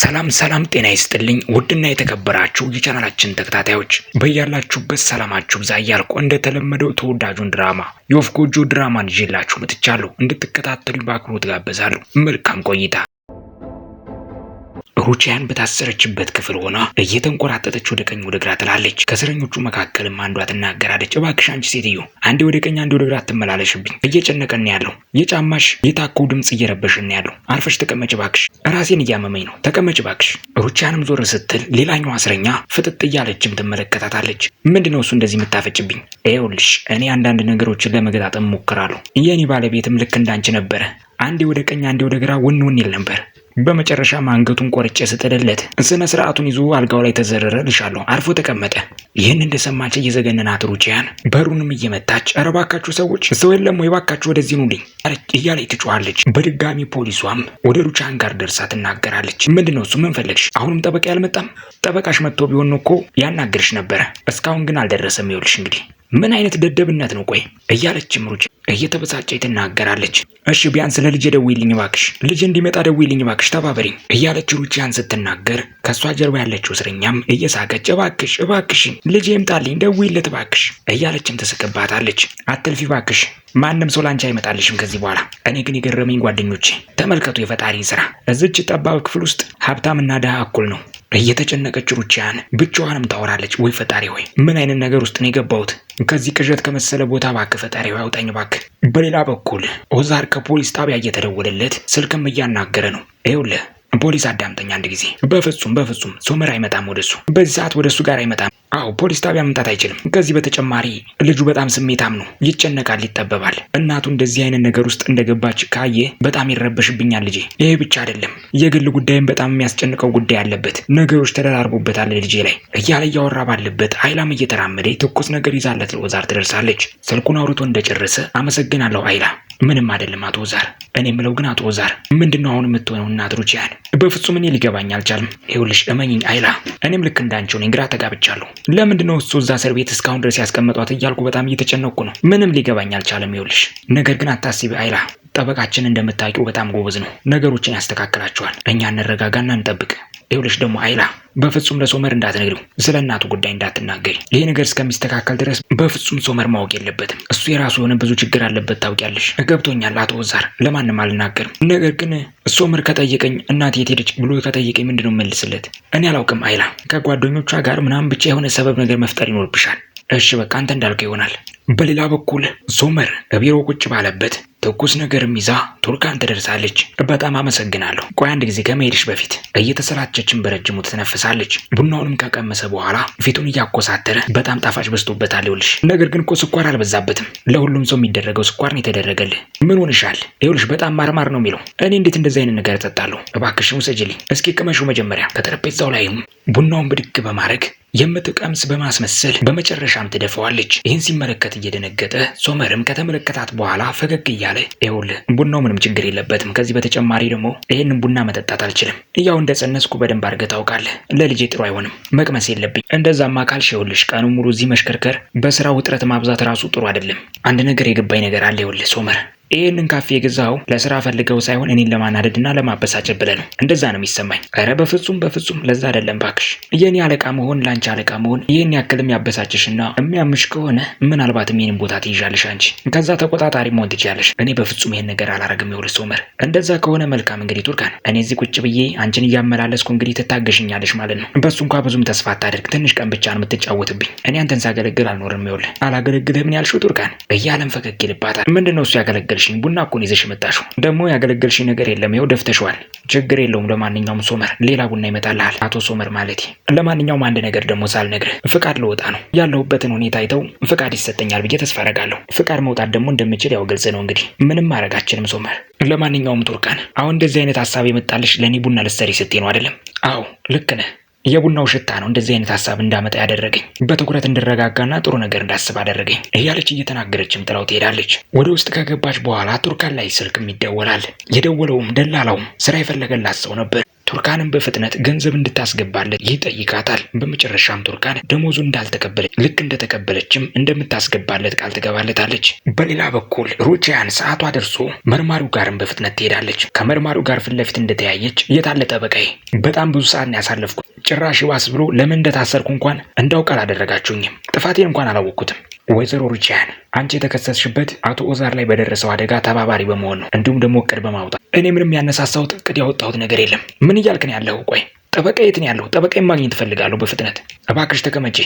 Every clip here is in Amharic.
ሰላም ሰላም፣ ጤና ይስጥልኝ ውድና የተከበራችሁ የቻናላችን ተከታታዮች በያላችሁበት ሰላማችሁ ብዛ እያልኩ እንደተለመደው ተወዳጁን ድራማ የወፍ ጎጆ ድራማን ይዤላችሁ መጥቻለሁ። እንድትከታተሉ በአክብሮት ጋብዛለሁ። መልካም ቆይታ። ሩቺያን በታሰረችበት ክፍል ሆና እየተንቆራጠጠች ወደ ቀኝ ወደ ግራ ትላለች። ከእስረኞቹ መካከልም አንዷ ትናገራለች። እባክሽ አንቺ ሴትዮ አንዴ ወደ ቀኝ አንዴ ወደ ግራ ትመላለሽብኝ፣ እየጨነቀን ያለው የጫማሽ የታኮ ድምፅ እየረበሽን ያለው። አርፈሽ ተቀመጭ ባክሽ፣ ራሴን እያመመኝ ነው። ተቀመጭ ባክሽ። ሩቺያንም ዞር ስትል ሌላኛዋ እስረኛ ፍጥጥ እያለችም ትመለከታታለች። ምንድን ነው እሱ እንደዚህ የምታፈጭብኝ? ይኸውልሽ እኔ አንዳንድ ነገሮችን ለመገጣጠም ሞክራለሁ። የእኔ ባለቤትም ልክ እንዳንቺ ነበረ። አንዴ ወደ ቀኝ አንዴ ወደ ግራ ውን ውን ይል ነበር። በመጨረሻም አንገቱን ቆርጬ ስጥልለት ስነ ስርዓቱን ይዞ አልጋው ላይ ተዘረረ። ልሻለሁ አርፎ ተቀመጠ። ይህን እንደሰማች እየዘገነናት ሩጪያን በሩንም እየመታች ኧረ እባካችሁ ሰዎች ሰው የለም ወይ እባካችሁ ወደዚህ ኑልኝ እያለች ትጮኻለች። በድጋሚ ፖሊሷም ወደ ሩቺያን ጋር ደርሳ ትናገራለች። ምንድነው እሱ ምን ፈለግሽ? አሁንም ጠበቃ ያልመጣም? ጠበቃሽ መጥቶ ቢሆን እኮ ያናግርሽ ነበረ። እስካሁን ግን አልደረሰም። ይኸውልሽ እንግዲህ ምን አይነት ደደብነት ነው? ቆይ እያለች ሩች እየተበሳጨች ትናገራለች። እሺ ቢያንስ ለልጄ ደውዪልኝ እባክሽ፣ ልጅ እንዲመጣ ደውዪልኝ እባክሽ፣ ተባበሪኝ እያለች ሩቺያን ስትናገር ከእሷ ጀርባ ያለችው እስረኛም እየሳቀች እባክሽ፣ እባክሽ ልጅ ይምጣልኝ፣ ደውዪለት እባክሽ እያለችም ትስቅባታለች። አትልፊ እባክሽ፣ ማንም ሰው ላንቺ አይመጣልሽም ከዚህ በኋላ። እኔ ግን የገረመኝ ጓደኞቼ፣ ተመልከቱ የፈጣሪን ስራ። እዚች ጠባብ ክፍል ውስጥ ሀብታምና ድሃ እኩል ነው። እየተጨነቀች ሩቺያን ብቻዋንም ታወራለች። ወይ ፈጣሪ ሆይ ምን አይነት ነገር ውስጥ ነው የገባሁት? ከዚህ ቅዠት ከመሰለ ቦታ እባክህ ፈጣሪ ሆይ አውጣኝ እባክህ። በሌላ በኩል ኦዛር ከፖሊስ ጣቢያ እየተደወለለት ስልክም እያናገረ ነው። ይኸውልህ ፖሊስ አዳምጠኝ አንድ ጊዜ። በፍጹም በፍጹም ሶመር አይመጣም ወደሱ በዚህ ሰዓት ወደሱ ጋር አይመጣም። አዎ ፖሊስ ጣቢያ መምጣት አይችልም። ከዚህ በተጨማሪ ልጁ በጣም ስሜታም ነው፣ ይጨነቃል፣ ይጠበባል። እናቱ እንደዚህ አይነት ነገር ውስጥ እንደገባች ካየ በጣም ይረበሽብኛል ልጄ። ይሄ ብቻ አይደለም፣ የግል ጉዳይም በጣም የሚያስጨንቀው ጉዳይ አለበት። ነገሮች ተደራርቦበታል ልጄ ላይ እያለ እያወራ ባለበት አይላም እየተራመደ ትኩስ ነገር ይዛለት ሎዛር ትደርሳለች። ስልኩን አውርቶ እንደጨረሰ አመሰግናለሁ አይላ ምንም አይደለም አቶ ዛር። እኔ የምለው ግን አቶ ዛር ምንድን ነው አሁን የምትሆነው? እና ሩቺያን በፍጹም እኔ ሊገባኝ አልቻልም። ይኸውልሽ እመኝኝ አይላ፣ እኔም ልክ እንዳንቺው ነኝ፣ ግራ ተጋብቻለሁ። ለምንድን ነው እሱ እዛ እስር ቤት እስካሁን ድረስ ያስቀመጧት እያልኩ በጣም እየተጨነቅኩ ነው። ምንም ሊገባኝ አልቻለም። ይኸውልሽ ነገር ግን አታስቢ አይላ፣ ጠበቃችን እንደምታውቂው በጣም ጎበዝ ነው። ነገሮችን ያስተካክላቸዋል። እኛ እንረጋጋና እንጠብቅ። ይኸውልሽ ደግሞ አይላ በፍጹም ለሶመር እንዳትነግሪው፣ ስለ እናቱ ጉዳይ እንዳትናገሪ። ይሄ ነገር እስከሚስተካከል ድረስ በፍጹም ሶመር ማወቅ የለበትም። እሱ የራሱ የሆነ ብዙ ችግር አለበት፣ ታውቂያለሽ። ገብቶኛል አቶ ዛር፣ ለማንም አልናገርም። ነገር ግን ሶመር ከጠየቀኝ እናት የት ሄደች ብሎ ከጠየቀኝ ምንድነው መልስለት? እኔ አላውቅም አይላ፣ ከጓደኞቿ ጋር ምናምን ብቻ የሆነ ሰበብ ነገር መፍጠር ይኖርብሻል። እሺ በቃ አንተ እንዳልከው ይሆናል። በሌላ በኩል ሶመር ቢሮ ቁጭ ባለበት ትኩስ ነገርም ይዛ ቱርካን ትደርሳለች። በጣም አመሰግናለሁ። ቆይ አንድ ጊዜ ከመሄድሽ በፊት እየተሰላቸችን በረጅሙ ትነፈሳለች ቡናውንም ከቀመሰ በኋላ ፊቱን እያኮሳተረ በጣም ጣፋጭ በዝቶበታል። ይኸውልሽ ነገር ግን እኮ ስኳር አልበዛበትም። ለሁሉም ሰው የሚደረገው ስኳር ነው የተደረገልህ። ምን ሆንሻል? ይኸውልሽ በጣም ማርማር ነው የሚለው። እኔ እንዴት እንደዚህ አይነት ነገር እጠጣለሁ? እባክሽን ውሰጂልኝ እስኪ ቅመሹ መጀመሪያ። ከጠረጴዛው ላይም ቡናውን ብድግ በማድረግ የምትቀምስ በማስመሰል በመጨረሻም ትደፈዋለች። ይህን ሲመለከት እየደነገጠ ሶመርም ከተመለከታት በኋላ ፈገግ እያለ ይኸውልህ ቡናው ምንም ችግር የለበትም። ከዚህ በተጨማሪ ደግሞ ይህንን ቡና መጠጣት አልችልም። ያው እንደጸነስኩ በደንብ አድርገህ ታውቃለህ። ለልጄ ጥሩ አይሆንም፣ መቅመስ የለብኝ። እንደዛማ ካልሽ ይኸውልሽ ቀኑ ሙሉ እዚህ መሽከርከር፣ በስራ ውጥረት ማብዛት ራሱ ጥሩ አይደለም። አንድ ነገር የገባኝ ነገር አለ። ይኸውልህ ሶመር ይህንን ካፌ የገዛው ለስራ ፈልገው ሳይሆን እኔን ለማናደድና ለማበሳጨት ብለህ ነው። እንደዛ ነው የሚሰማኝ። ኧረ በፍጹም በፍጹም፣ ለዛ አይደለም ባክሽ። የእኔ አለቃ መሆን ለአንቺ አለቃ መሆን ይህን ያክል የሚያበሳጭሽና የሚያምሽ ከሆነ ምናልባትም ይህንን ቦታ ትይዣለሽ አንቺ፣ ከዛ ተቆጣጣሪ መሆን ትችያለሽ። እኔ በፍጹም ይህን ነገር አላረግም። ይኸውልሽ ሶመር፣ እንደዛ ከሆነ መልካም። እንግዲህ ቱርካን፣ እኔ እዚህ ቁጭ ብዬ አንቺን እያመላለስኩ እንግዲህ ትታገሽኛለሽ ማለት ነው። በሱ እንኳ ብዙም ተስፋ አታደርግ። ትንሽ ቀን ብቻ ነው የምትጫወትብኝ። እኔ አንተን ሳገለግል አልኖርም። ይኸውልህ አላገለግልህም ያልሽው ቱርካን፣ እያለም ፈገግ ይልባታል። እሱ ያገለግል ያገለገልሽኝ ቡና እኮ ነው ይዘሽ የመጣሽው። ደግሞ ያገለገልሽኝ ነገር የለም፣ ይኸው ደፍተሽዋል። ችግር የለውም። ለማንኛውም ሶመር ሌላ ቡና ይመጣልሃል። አቶ ሶመር ማለት ለማንኛውም አንድ ነገር ደግሞ ሳልነግርህ ፍቃድ ልወጣ ነው። ያለሁበትን ሁኔታ አይተው ፍቃድ ይሰጠኛል ብዬ ተስፋ አደርጋለሁ። ፍቃድ መውጣት ደግሞ እንደምችል ያው ግልጽ ነው እንግዲህ ምንም ማድረጋችንም ሶመር። ለማንኛውም ቱርካን አሁን እንደዚህ አይነት ሀሳብ የመጣልሽ ለእኔ ቡና ልትሰሪ ስትይ ነው አይደለም? አዎ ልክ ነህ። የቡናው ሽታ ነው እንደዚህ አይነት ሀሳብ እንዳመጣ ያደረገኝ። በትኩረት እንድረጋጋና ጥሩ ነገር እንዳስብ አደረገኝ እያለች እየተናገረችም ጥላው ትሄዳለች። ወደ ውስጥ ከገባች በኋላ ቱርካን ላይ ስልክም ይደወላል። የደወለውም ደላላውም ስራ የፈለገላት ሰው ነበር። ቱርካንም በፍጥነት ገንዘብ እንድታስገባለት ይጠይቃታል። በመጨረሻም ቱርካን ደሞዙ እንዳልተቀበለች ልክ እንደተቀበለችም እንደምታስገባለት ቃል ትገባለታለች። በሌላ በኩል ሩቺያን ሰዓቷ ደርሶ መርማሪው ጋርም በፍጥነት ትሄዳለች። ከመርማሪው ጋር ፊት ለፊት እንደተያየች የታለ ጠበቃዬ፣ በጣም ብዙ ሰዓት ያሳለፍኩ ጭራሽ ዋስ ብሎ ለምን እንደታሰርኩ እንኳን እንዳውቅ አላደረጋችሁኝም። ጥፋቴን እንኳን አላወቅኩትም። ወይዘሮ ሩቺያን አንቺ የተከሰስሽበት አቶ ኦዛር ላይ በደረሰው አደጋ ተባባሪ በመሆን ነው፣ እንዲሁም ደግሞ እቅድ በማውጣት እኔ ምንም ያነሳሳሁት እቅድ ያወጣሁት ነገር የለም። ምን እያልክ ነው ያለኸው? ቆይ ጠበቃ የት ነው ያለው? ጠበቃ ማግኘት እፈልጋለሁ በፍጥነት። እባክሽ ተቀመጪ፣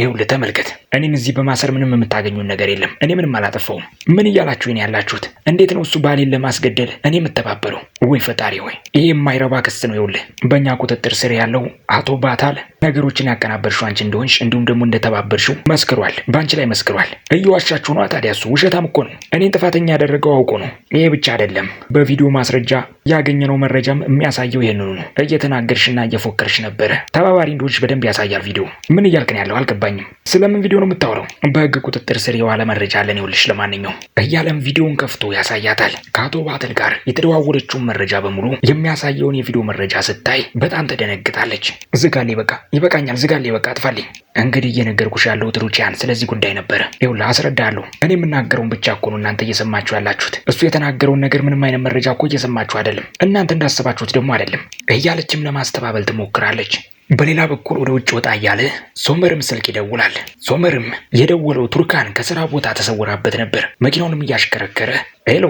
ይኸውልህ ተመልከት፣ እኔን እዚህ በማሰር ምንም የምታገኙን ነገር የለም። እኔ ምንም አላጠፋውም። ምን እያላችሁ ነው ያላችሁት? እንዴት ነው እሱ ባሌን ለማስገደል እኔ የምተባበረው? ወይ ፈጣሪ ወይ ይሄ የማይረባ ክስ ነው። ይኸውልህ በእኛ ቁጥጥር ስር ያለው አቶ ባታል ነገሮችን ያቀናበርሽው አንቺ እንደሆንሽ እንዲሁም ደግሞ እንደተባበርሽው መስክሯል። በአንቺ ላይ መስክሯል። እየዋሻችሁ ነዋ። ታዲያ እሱ ውሸታም እኮ ነው። እኔን ጥፋተኛ ያደረገው አውቆ ነው። ይሄ ብቻ አይደለም፣ በቪዲዮ ማስረጃ ያገኘነው መረጃም የሚያሳየው ይህንኑ ነው። እየተናገርሽና እየፎከርሽ ነበረ። ተባባሪ እንደሆንሽ በደንብ ያሳያል ቪዲዮ። ምን እያልክ ነው ያለው? አልገባኝም። ስለምን ቪዲዮ ነው የምታወራው? በህግ ቁጥጥር ስር የዋለ መረጃ አለን ይኸውልሽ። ለማንኛውም እያለም ቪዲዮውን ከፍቶ ያሳያታል። ከአቶ ባተል ጋር የተደዋወለችውን መረጃ በሙሉ የሚያሳየውን የቪዲዮ መረጃ ስታይ በጣም ተደነግጣለች። ዝጋሌ፣ በቃ ይበቃኛል፣ ዝጋሌ፣ በቃ አጥፋልኝ። እንግዲህ እየነገርኩሽ ያለሁት ሩቺያን ስለዚህ ጉዳይ ነበረ። ይኸውልህ አስረዳለሁ። እኔ የምናገረውን ብቻ እኮ ነው እናንተ እየሰማችሁ ያላችሁት። እሱ የተናገረውን ነገር ምንም አይነት መረጃ እኮ እየሰማችሁ አይደለም። አይደለም፣ እናንተ እንዳሰባችሁት ደግሞ አይደለም እያለችም ለማስተባበል ትሞክራለች። በሌላ በኩል ወደ ውጭ ወጣ እያለ ሶመርም ስልክ ይደውላል። ሶመርም የደወለው ቱርካን ከስራ ቦታ ተሰውራበት ነበር። መኪናውንም እያሽከረከረ ሄሎ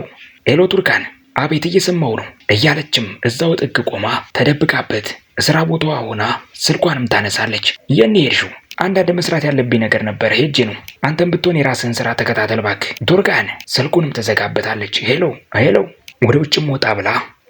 ሄሎ፣ ቱርካን አቤት፣ እየሰማው ነው እያለችም እዛው ጥግ ቆማ ተደብቃበት ስራ ቦታዋ ሆና ስልኳንም ታነሳለች። የኔ ሄድሹ አንዳንድ መስራት ያለብኝ ነገር ነበር ሄጄ ነው። አንተም ብትሆን የራስህን ስራ ተከታተል ባክ። ቱርካን ስልኩንም ትዘጋበታለች። ሄሎ ሄሎ፣ ወደ ውጭም ወጣ ብላ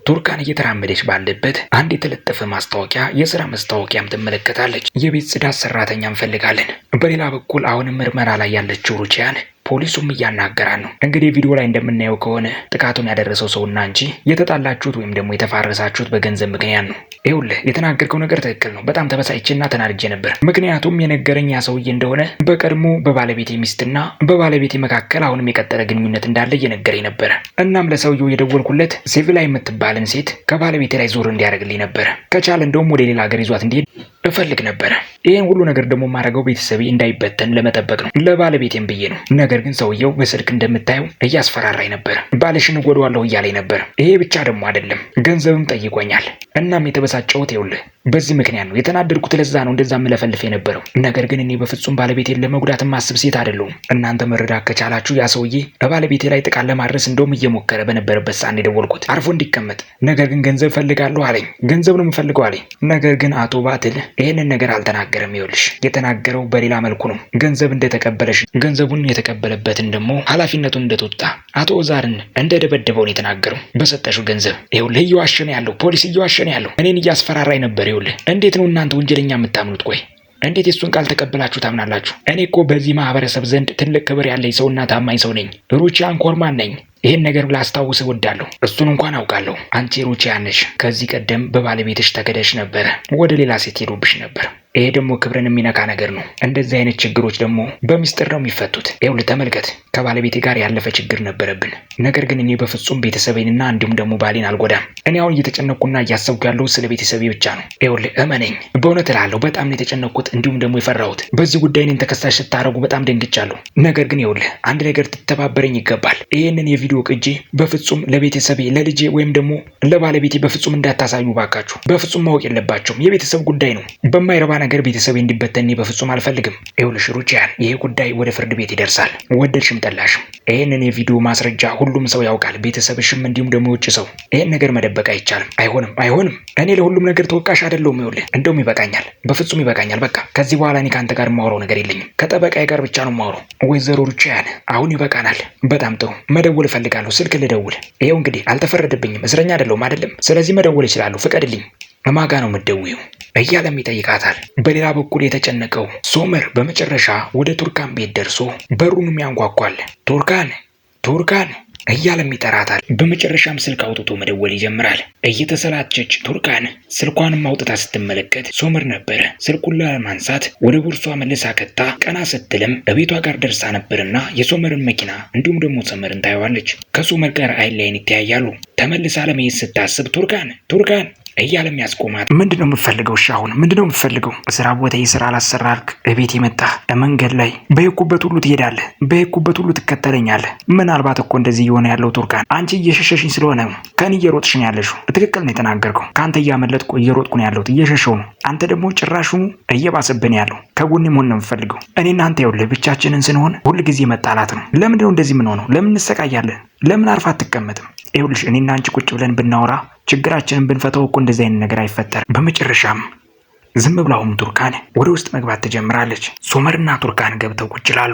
ቱርካን እየተራመደች ባለበት አንድ የተለጠፈ ማስታወቂያ የስራ ማስታወቂያም ትመለከታለች። የቤት ጽዳት ሰራተኛ እንፈልጋለን። በሌላ በኩል አሁንም ምርመራ ላይ ያለችው ሩቺያን ፖሊሱም እያናገራ ነው። እንግዲህ ቪዲዮ ላይ እንደምናየው ከሆነ ጥቃቱን ያደረሰው ሰውና እንጂ የተጣላችሁት ወይም ደግሞ የተፋረሳችሁት በገንዘብ ምክንያት ነው። ይኸውልህ የተናገርከው ነገር ትክክል ነው። በጣም ተበሳጭቼና ተናድጄ ነበር። ምክንያቱም የነገረኝ ያ ሰውዬ እንደሆነ በቀድሞ በባለቤቴ ሚስትና በባለቤቴ መካከል አሁንም የቀጠለ ግንኙነት እንዳለ እየነገረኝ ነበረ። እናም ለሰውየው የደወልኩለት ሴቪላ የምትባልን ሴት ከባለቤቴ ላይ ዞር እንዲያደርግልኝ ነበረ። ከቻለ እንደውም ወደ ሌላ ሀገር ይዟት እንዲሄድ እፈልግ ነበረ። ይህን ሁሉ ነገር ደግሞ የማደርገው ቤተሰቤ እንዳይበተን ለመጠበቅ ነው፣ ለባለቤቴም ብዬ ነው ነገር ነገር ግን ሰውየው በስልክ እንደምታየው እያስፈራራኝ ነበር። ባልሽን እጎዳዋለሁ እያለኝ ነበር። ይሄ ብቻ ደግሞ አይደለም ገንዘብም ጠይቆኛል። እናም የተበሳጨሁት ይኸውልህ በዚህ ምክንያት ነው የተናደድኩት። ለዛ ነው እንደዛ ምለፈልፍ የነበረው። ነገር ግን እኔ በፍጹም ባለቤቴን ለመጉዳት ማስብ ሴት አይደለሁም። እናንተ መረዳት ከቻላችሁ ያ ሰውዬ በባለቤቴ ላይ ጥቃት ለማድረስ እንደውም እየሞከረ በነበረበት ሰዓት የደወልኩት አርፎ እንዲቀመጥ። ነገር ግን ገንዘብ ፈልጋለሁ አለኝ። ገንዘብ ነው የምፈልገው አለኝ። ነገር ግን አቶ ባትል ይህንን ነገር አልተናገረም። ይኸውልሽ የተናገረው በሌላ መልኩ ነው። ገንዘብ እንደተቀበለሽ፣ ገንዘቡን የተቀበለበትን ደግሞ ኃላፊነቱን እንደተወጣ አቶ ዛርን እንደደበደበውን የተናገረው በሰጠሽው ገንዘብ። ይኸውልህ እየዋሸን ያለው ፖሊስ እየዋሸን ያለው እኔን እያስፈራራኝ ነበር ይኸውልህ እንዴት ነው እናንተ ወንጀለኛ የምታምኑት? ቆይ እንዴት የሱን ቃል ተቀብላችሁ ታምናላችሁ? እኔ እኮ በዚህ ማህበረሰብ ዘንድ ትልቅ ክብር ያለኝ ሰውና ታማኝ ሰው ነኝ። ሩቺያን ኮርማን ነኝ። ይህን ነገር ላስታውስ እወዳለሁ። እሱን እንኳን አውቃለሁ። አንቺ ሩቺያን ነሽ። ከዚህ ቀደም በባለቤትሽ ተገደሽ ነበረ። ወደ ሌላ ሴት ሄዶብሽ ነበር። ይሄ ደግሞ ክብርን የሚነካ ነገር ነው። እንደዚህ አይነት ችግሮች ደግሞ በሚስጥር ነው የሚፈቱት። ይኸውልህ ተመልከት፣ ከባለቤቴ ጋር ያለፈ ችግር ነበረብን። ነገር ግን እኔ በፍጹም ቤተሰቤንና እንዲሁም ደግሞ ባሌን አልጎዳም። እኔ አሁን እየተጨነቅኩና እያሰብኩ ያለው ስለ ቤተሰቤ ብቻ ነው። ይኸውልህ እመነኝ፣ በእውነት እላለሁ በጣም ነው የተጨነቅኩት፣ እንዲሁም ደግሞ የፈራሁት። በዚህ ጉዳይ እኔን ተከሳሽ ስታደርጉ በጣም ደንግጫለሁ። ነገር ግን ይኸውልህ አንድ ነገር ትተባበረኝ ይገባል። ይህንን የቪዲዮ ቅጂ በፍጹም ለቤተሰቤ ለልጄ ወይም ደግሞ ለባለቤቴ በፍጹም እንዳታሳዩ ባካችሁ። በፍጹም ማወቅ የለባቸውም። የቤተሰብ ጉዳይ ነው በማይረባ ነገር ቤተሰብ እንዲበተን እኔ በፍጹም አልፈልግም። ይኸውልሽ ሩቺያን፣ ይሄ ጉዳይ ወደ ፍርድ ቤት ይደርሳል። ወደድሽም ጠላሽም ይህንን የቪዲዮ ማስረጃ ሁሉም ሰው ያውቃል። ቤተሰብሽም እንዲሁም ደግሞ የውጭ ሰው ይህን ነገር መደበቅ አይቻልም። አይሆንም፣ አይሆንም። እኔ ለሁሉም ነገር ተወቃሽ አይደለሁም። ይኸውልህ እንደውም ይበቃኛል፣ በፍጹም ይበቃኛል። በቃ ከዚህ በኋላ እኔ ከአንተ ጋር የማወራው ነገር የለኝም። ከጠበቃዬ ጋር ብቻ ነው የማወራው። ወይዘሮ ሩቺያን፣ አሁን ይበቃናል። በጣም ጥሩ። መደወል እፈልጋለሁ። ስልክ ልደውል። ይኸው እንግዲህ አልተፈረደብኝም፣ እስረኛ አይደለሁም አይደለም። ስለዚህ መደወል ይችላሉ። ፍቀድልኝ። በማጋ ነው የምትደውይው እያለም ይጠይቃታል። በሌላ በኩል የተጨነቀው ሶመር በመጨረሻ ወደ ቱርካን ቤት ደርሶ በሩንም ያንኳኳል። ቱርካን ቱርካን እያለም ይጠራታል። በመጨረሻም ስልክ አውጥቶ መደወል ይጀምራል። እየተሰላቸች ቱርካን ስልኳንም አውጥታ ስትመለከት ሶመር ነበረ። ስልኩን ላለማንሳት ወደ ቦርሷ መልሳ ከታ ቀና ስትልም በቤቷ ጋር ደርሳ ነበርና የሶመርን መኪና እንዲሁም ደግሞ ሰመርን ታየዋለች። ከሶመር ጋር አይን ላይን ይተያያሉ። ተመልሳ ለመሄድ ስታስብ ቱርካን ቱርካን እያለም ያስቆማት። ምንድን ነው የምፈልገው? እሺ አሁን ምንድን ነው የምፈልገው? ስራ ቦታ የስራ አላሰራልክ፣ እቤት የመጣህ መንገድ ላይ በሄድኩበት ሁሉ ትሄዳለህ፣ በሄድኩበት ሁሉ ትከተለኛለህ። ምናልባት እኮ እንደዚህ እየሆነ ያለው ቱርካን፣ አንቺ እየሸሸሽኝ ስለሆነ ከእኔ እየሮጥሽን ያለሽው። ትክክል ነው የተናገርከው። ከአንተ እያመለጥኩ እየሮጥኩ ነው ያለሁት፣ እየሸሸው ነው። አንተ ደግሞ ጭራሹኑ እየባሰብን ያለው ከጎን መሆን ነው የምፈልገው። እኔና አንተ ይኸውልህ፣ ብቻችንን ስንሆን ሁልጊዜ መጣላት ነው። ለምንድነው እንደዚህ ምንሆነው? ለምን እንሰቃያለን? ለምን አርፋ አትቀመጥም? ይኸውልሽ እኔና አንቺ ቁጭ ብለን ብናወራ ችግራችንን ብንፈተው እኮ እንደዚህ አይነት ነገር አይፈጠርም። በመጨረሻም ዝም ብላውም ቱርካን ወደ ውስጥ መግባት ትጀምራለች። ሶመርና ቱርካን ገብተው ቁጭ ይላሉ።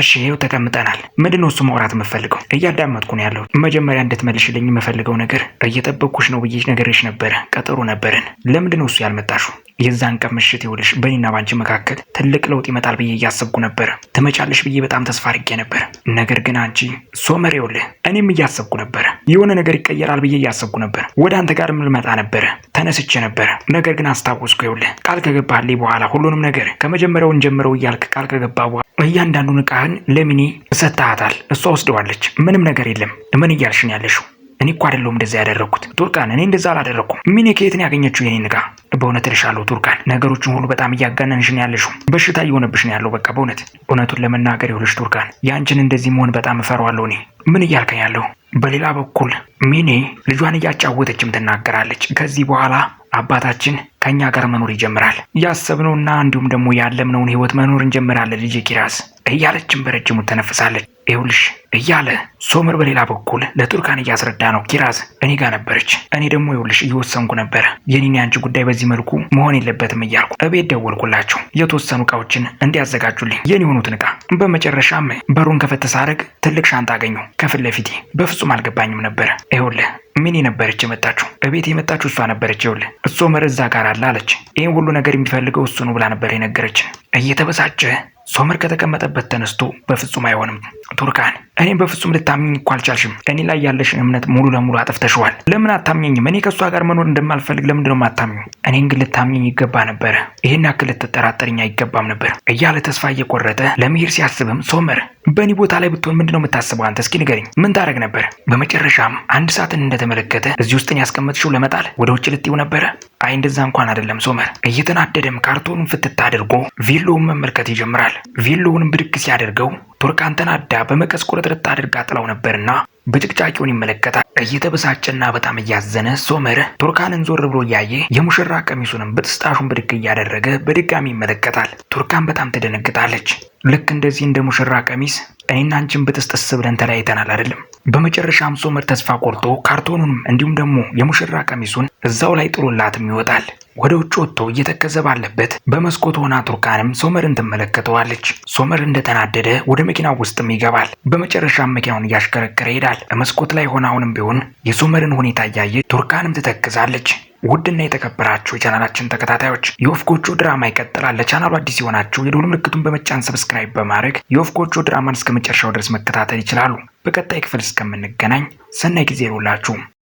እሺ ይኸው ተቀምጠናል። ምንድን ነው እሱ ማውራት የምፈልገው? እያዳመጥኩ ነው ያለሁት። መጀመሪያ እንድትመልሽልኝ የምፈልገው ነገር እየጠበቅኩሽ ነው ብዬሽ ነገርሽ ነበረ፣ ቀጠሮ ነበርን ለምንድን ነው እሱ ያልመጣሽው? የዛን ቀን ምሽት ይኸውልሽ በኔና ባንቺ መካከል ትልቅ ለውጥ ይመጣል ብዬ እያሰብኩ ነበር። ትመጫለሽ ብዬ በጣም ተስፋ አድርጌ ነበር። ነገር ግን አንቺ ሶመር፣ ይኸውልህ እኔም እያሰብኩ ነበር። የሆነ ነገር ይቀየራል ብዬ እያሰብኩ ነበር። ወደ አንተ ጋር ምልመጣ ነበር ተነስቼ ነበር ነገር ግን አስታወስኩ። ይኸውልህ ቃል ከገባህልኝ በኋላ ሁሉንም ነገር ከመጀመሪያውን ጀምረው እያልክ ቃል ከገባ በኋላ እያንዳንዱን እቃህን ለሚኒ ሰታታል እሷ ወስደዋለች። ምንም ነገር የለም። ምን እያልሽን ያለሽው? እኔ እኮ አይደለሁም እንደዚህ ያደረግኩት ቱርካን፣ እኔ እንደዛ አላደረግኩም። ሚኔ ከየትን ያገኘችው የኔን ዕቃ? በእውነት እልሻለሁ ቱርካን፣ ነገሮችን ሁሉ በጣም እያጋነንሽ ነው ያለሽው። በሽታ እየሆነብሽ ነው ያለው። በቃ በእውነት እውነቱን ለመናገር ይኸውልሽ ቱርካን፣ ያንቺን እንደዚህ መሆን በጣም እፈራዋለሁ እኔ። ምን እያልከኝ ያለው? በሌላ በኩል ሚኔ ልጇን እያጫወተችም ትናገራለች። ከዚህ በኋላ አባታችን ከእኛ ጋር መኖር ይጀምራል። ያሰብነውና እንዲሁም ደግሞ ያለምነውን ህይወት መኖር እንጀምራለን ልጄ ኪራስ እያለችም በረጅሙ ተነፍሳለች። ይኸውልሽ እያለ ሶመር በሌላ በኩል ለቱርካን እያስረዳ ነው። ኪራዝ እኔ ጋር ነበረች። እኔ ደግሞ ይኸውልሽ እየወሰንኩ ነበረ የኔን ያንቺ ጉዳይ በዚህ መልኩ መሆን የለበትም እያልኩ እቤት ደወልኩላቸው የተወሰኑ እቃዎችን እንዲያዘጋጁልኝ የኔ የሆኑትን እቃ። በመጨረሻም በሩን ከፈት ሳረግ ትልቅ ሻንጣ አገኙ ከፊት ለፊቴ። በፍጹም አልገባኝም ነበረ። ይኸውልህ ምን ነበረች የመጣችው፣ እቤት የመጣችው እሷ ነበረች። ይኸውልህ እሱ መርዛ ጋር አለ አለች። ይህን ሁሉ ነገር የሚፈልገው እሱ ነው ብላ ነበር የነገረችን። እየተበሳጨ ሶመር ከተቀመጠበት ተነስቶ በፍጹም አይሆንም ቱርካን እኔም በፍጹም ልታምኝ እኮ አልቻልሽም። እኔ ላይ ያለሽን እምነት ሙሉ ለሙሉ አጥፍተሽዋል። ለምን አታምኘኝም? እኔ ከእሷ ጋር መኖር እንደማልፈልግ ለምንድን ነው የማታምኝ? እኔን ግን ልታምኘኝ ይገባ ነበረ። ይህን ያክል ልትጠራጠርኝ አይገባም ነበር እያለ ተስፋ እየቆረጠ ለመሄድ ሲያስብም፣ ሶመር በእኔ ቦታ ላይ ብትሆን ምንድን ነው የምታስበው አንተ? እስኪ ንገርኝ፣ ምን ታደርግ ነበር? በመጨረሻም አንድ ሰዓትን እንደተመለከተ እዚህ ውስጥን ያስቀመጥሽው ለመጣል ወደ ውጭ ልትይው ነበረ? አይ እንደዛ እንኳን አይደለም ሶመር። እየተናደደም ካርቶኑን ፍትት አድርጎ ቪሎውን መመልከት ይጀምራል። ቪሎውንም ብድግ ሲያደርገው ቱርክ አንተናዳ በመቀስ ቁርጥርጥ አድርጋ ጥላው ነበርና በጭቅጫቂውን ይመለከታል። እየተበሳጨና በጣም እያዘነ ሶመር ቱርካንን ዞር ብሎ እያየ የሙሽራ ቀሚሱንም በጥስጣሹን ብድግ እያደረገ በድጋሚ ይመለከታል። ቱርካን በጣም ትደነግጣለች። ልክ እንደዚህ እንደ ሙሽራ ቀሚስ እኔና አንቺን ብጥስጥስ ብለን ተለያይተናል አይደለም። በመጨረሻም ሶመር ተስፋ ቆርጦ ካርቶኑንም እንዲሁም ደግሞ የሙሽራ ቀሚሱን እዛው ላይ ጥሎላትም ይወጣል። ወደ ውጭ ወጥቶ እየተከዘ ባለበት በመስኮት ሆና ቱርካንም ሶመርን ትመለከተዋለች። ሶመር እንደተናደደ ወደ መኪናው ውስጥም ይገባል። በመጨረሻም መኪናውን እያሽከረከረ ይሄዳል። ተከታታይ መስኮት ላይ ሆና አሁንም ቢሆን የሶመርን ሁኔታ እያየ ቱርካንም ትተክዛለች። ውድና የተከበራችሁ የቻናላችን ተከታታዮች የወፍ ጎጆ ድራማ ይቀጥላል። ለቻናሉ አዲስ የሆናችሁ የደወል ምልክቱን በመጫን ሰብስክራይብ በማድረግ የወፍ ጎጆ ድራማን እስከ መጨረሻው ድረስ መከታተል ይችላሉ። በቀጣይ ክፍል እስከምንገናኝ ሰናይ ጊዜ ይሁንላችሁ።